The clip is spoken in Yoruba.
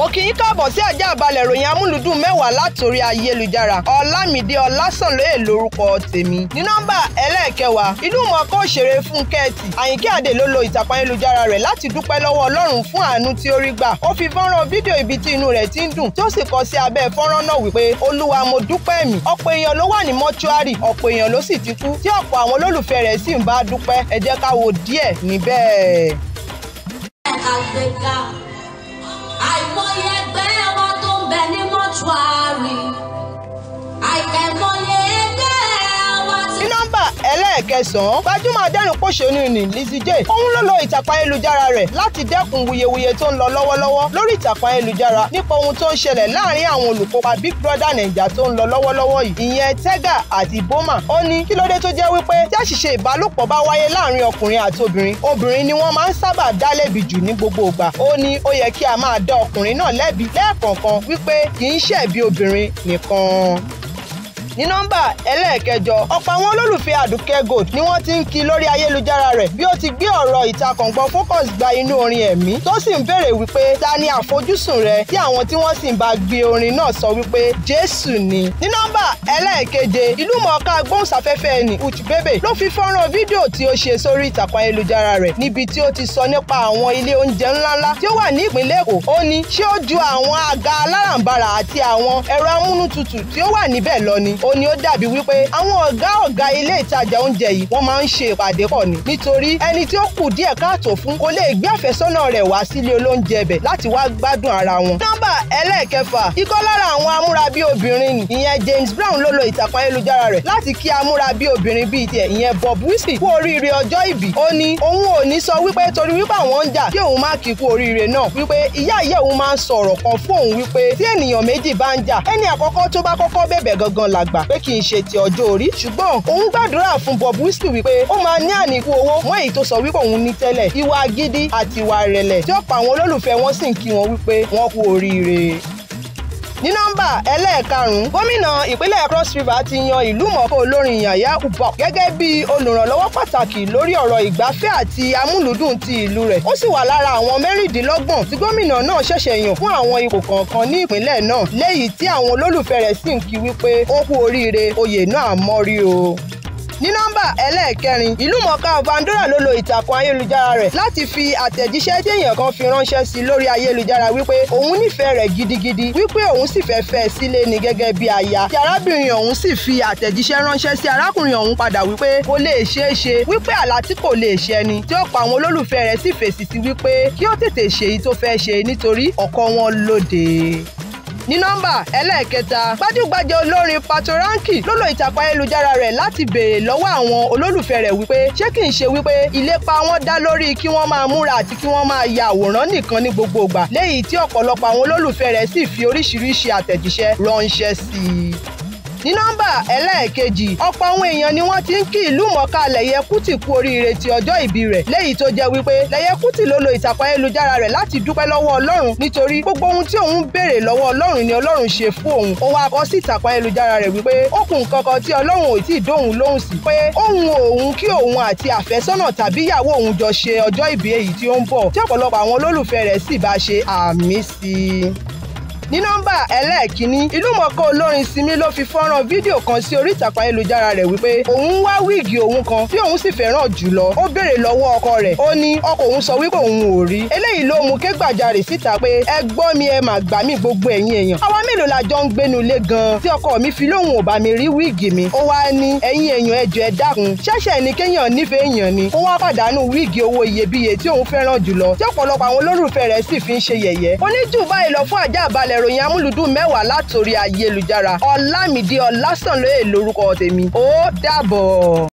mo kì í káàbọ̀ sí ajá àbálẹ̀ ìròyìn amúlùdùn mẹ́wàá látòrí ayélujára ọlámídé ọlásànlóye lórúkọ tèmi ní nọ́mbà ẹlẹ́ẹ̀kẹwàá inú mọ̀ọ́ká òṣèré fúnkẹ́ẹ̀tì àyìnkẹ́ àdè ló lo ìtàkùn ayélujára rẹ̀ láti dúpẹ́ lọ́wọ́ ọlọ́run fún àánú tí ó rí gbà ó fi fọ́nrán fídíò ibi tí inú rẹ̀ ti ń dùn tí ó sì kọ sí abẹ́ fọ́nrán náà wípé olúwa mo dúpẹ́ mi ọ̀pọ̀ èèyàn ló wà ní mọ́túárì ọ̀pọ̀ èèyàn ló sì ti kú tí ọ̀pọ̀ àwọn olólùfẹ́ rẹ̀ sì ń bá dúpẹ́ ẹ jẹ́ ká wo díẹ̀ níbẹ̀. àìmọye man, but tó ń bẹ ní mọ́ṣúárì. ẹlẹ́ẹ̀kẹsàn-án gbajúmọ̀ adẹ́rùn pòṣónú ni Lizzie J òun ló lo ìtàkùn ayélujára rẹ̀ láti dẹ́kun wuyewuye tó ń lọ lọ́wọ́lọ́wọ́ lórí ìtàkùn ayélujára nípa ohun tó ń ṣẹlẹ̀ láàrin àwọn olùkópa Big Brother Naija tó ń lọ lọ́wọ́lọ́wọ́ yìí ìyẹn Tega àti Boma ó ní kí ló dé tó jẹ́ wípé tí àṣìṣe ìbálòpọ̀ bá wáyé láàrin ọkùnrin àti obìnrin obìnrin ni wọ́n máa ń sábà dá lẹ́bi jù ní gbogbo ìgbà ó ní ó yẹ kí a máa dá ọkùnrin náà lẹ́bi lẹ́ẹ̀kọ̀ọ̀kan wípé kì í ṣẹ̀bi obìnrin nìkan ní nọ́mbà ẹlẹ́ẹ̀kẹjọ ọ̀pọ̀ àwọn olólùfẹ́ àdùkẹ́ gold ni wọ́n ti ń kí lórí ayélujára rẹ̀ bí ó ti gbé ọ̀rọ̀ ìtakọ̀ngbọ̀n focus gba inú orin ẹ̀mí tó sì ń béèrè wípé ta ni àfojúsùn rẹ tí àwọn tí wọ́n sì ń bá gbé orin náà sọ wípé jésù ni. ní nọ́mbà ẹlẹ́ẹ̀keje ìlúmọ̀ọ́ká gbóhùnsáfẹ́fẹ́ ni Uchibebe ló fi fọ́nrán fídíò tí ó ṣe sórí ìtàkùn ayélujára rẹ̀ níbi tí ó ti sọ nípa àwọn ilé oúnjẹ ńláńlá tí ó wà ní ìpínlẹ̀ Èkó ó ní ṣé ó ju àwọn àga alárànbarà àti àwọn ẹ̀rọ amúnútutù tí ó wà níbẹ̀ lọ ni ó ní ó dàbí wípé àwọn ọ̀gá ọ̀gá ilé ìtajà oúnjẹ yìí wọ́n máa ń ṣe ìpàdé pọ̀ ni nítorí ẹni tí ó kù díẹ̀ káàtó fún kò lè gbé àfẹ́sọ́nà rẹ̀ wá sílé olóúnjẹ bẹ̀ láti wá gbádùn ara wọn. nọ́mbà ẹlẹ́ẹ̀kẹfà ikọ́ lára àwọn amúrabí obìnrin ni ìyẹn James Brown ló lo ìtàkùn ayélujára rẹ̀ láti kí amúrabí obìnrin bíi tiẹ̀ ìyẹn Bob Risky kú oríire ọjọ́ ìbí ó ní òun ò ní sọ wípé torí wípé àwọn ń jà kí òun má kí kú oríire náà wípé ìyá ìyá òun máa ń sọ̀rọ̀ kan fún òun wípé tí ènìyàn méjì bá ń jà ẹni àkọ́kọ́ tó bá kọ́kọ́ bẹ̀bẹ̀ gangan làg àgbà pé kì í ṣe ti ọjọ́ orí ṣùgbọ́n òun gbàdúrà fún Bob Risky wípé ó máa ní àníkù owó mọ́ èyí tó sọ wípé òun ní tẹ́lẹ̀ ìwà gidi àti ìwà rẹ̀lẹ̀ tí ọ̀pọ̀ àwọn olólùfẹ́ wọn sì ń kí wọn wípé wọ́n kú oríire ní nọ́mbà ẹlẹ́ẹ̀karùn-ún gómìnà ìpínlẹ̀ cross river ti yan ìlú mọ̀ọ́ká olórin yàyà ubop gẹ́gẹ́ bí olùrànlọ́wọ́ pàtàkì lórí ọ̀rọ̀ ìgbafẹ́ àti amúlùdùn ti ìlú rẹ̀ ó sì wà lára àwọn mẹ́rìndínlọ́gbọ̀n tí gómìnà náà ṣẹ̀ṣẹ̀ yàn fún àwọn ipò kọ̀ọ̀kan ní ìpínlẹ̀ náà léyìí tí àwọn olólùfẹ́ rẹ̀ sì ń kí wípé ó kú oríire oyè náà mọ́rí o ní nọ́mbà ẹlẹ́ẹ̀kẹrin ìlúmọ̀ọ́ká Vandora ló lo ìtàkùn ayélujára rẹ̀ láti fi àtẹ̀jíṣẹ́ déèyàn kan fi ránṣẹ́ sí lórí ayélujára wípé òun nífẹ̀ẹ́ rẹ̀ gidigidi wípé òun sì fẹ́ fẹ́ sílé ni gẹ́gẹ́ bí aya tí arábìnrin ọ̀hún sì fi àtẹ̀jíṣẹ́ ránṣẹ́ sí arákùnrin ọ̀hún padà wípé kò lè ṣeé ṣe wípé àlá tí kò lè ṣẹ ni tí ọ̀pọ̀ àwọn olólùfẹ́ rẹ̀ sì fèsì sí wípé kí ó tètè ṣèyí tó fẹ́ ṣe nítorí ọkọ wọn lóde ní nọ́mbà ẹlẹ́ẹ̀kẹta gbajúgbajà olórin Patoranking ló lo ìtàkùn ayélujára rẹ̀ láti béèrè lọ́wọ́ àwọn olólùfẹ́ rẹ̀ wípé ṣé kì í ṣe wípé ìlépa wọn dá lórí kí wọ́n máa múra àti kí wọ́n máa ya àwòrán nìkan ní gbogbo ìgbà léyìí tí ọ̀pọ̀lọpọ̀ àwọn olólùfẹ́ rẹ̀ sì fi oríṣiríṣi àtẹ̀jíṣẹ́ ránṣẹ́ sí i ní nọ́mbà ẹlẹ́ẹ̀kejì ọ̀pọ̀ àwọn èèyàn ni wọ́n ti ń kí ìlú mọ̀ọ́ká lẹ̀yẹ kùtì kú oríire ti ọjọ́ ìbí rẹ̀ léyìí tó jẹ́ wípé lẹ̀yẹ kùtì ló lo ìtàkùn ayélujára rẹ̀ láti dúpẹ́ lọ́wọ́ ọlọ́run nítorí gbogbo ohun tí òun béèrè lọ́wọ́ ọlọ́run ni ọlọ́run ṣe fún òun ó wá kọ sí ìtàkùn ayélujára rẹ̀ wípé ó kù nǹkan kan tí ọlọ́run ò tí ì dóhùn lóhùn sí pé òun òun kí òun àti àfẹ́sọ́nà tàbí ìyàwó òun jọ ṣe ní nọ́mbà ẹlẹ́ẹ̀kínní ìlúmọ̀ọ́ká olórin Simi ló fi fọ́nrán fídíò kan sí orí ìtàkùn ayélujára rẹ̀ wípé òun wá wíìgì òun kan tí òun sì fẹ́ràn jùlọ ó béèrè lọ́wọ́ ọkọ rẹ̀ ó ní ọkọ òun sọ wípé òun ò rí eléyìí ló mú ké gbàjarè síta pé ẹ gbọ́ mi ẹ mà gbà mí gbogbo ẹ̀yin èèyàn àwa mélòó la jọ ń gbénu ilé gan tí ọkọ mi fi lóhùn ò bá mi rí wíìgì mi ó wá ní ẹ̀yin èèyàn ẹ jọ̀ọ́ ẹ dákun ṣẹ̀ṣẹ̀ ni kéèyàn nífẹ̀ẹ́ èèyàn ni kó wá pàdánù wíìgì owó iyebíye tí òun fẹ́ràn jùlọ tí ọ̀pọ̀lọpọ̀ àwọn olólùfẹ́ rẹ̀ sì fi ń ṣe yẹ̀yẹ́ oníjù báyìí lọ fún ìròyìn amúlùdùn mẹ́wàá látòrí ayélujára Ọlámídé Ọlásànlóye lórúkọ tèmi ó dàbọ̀.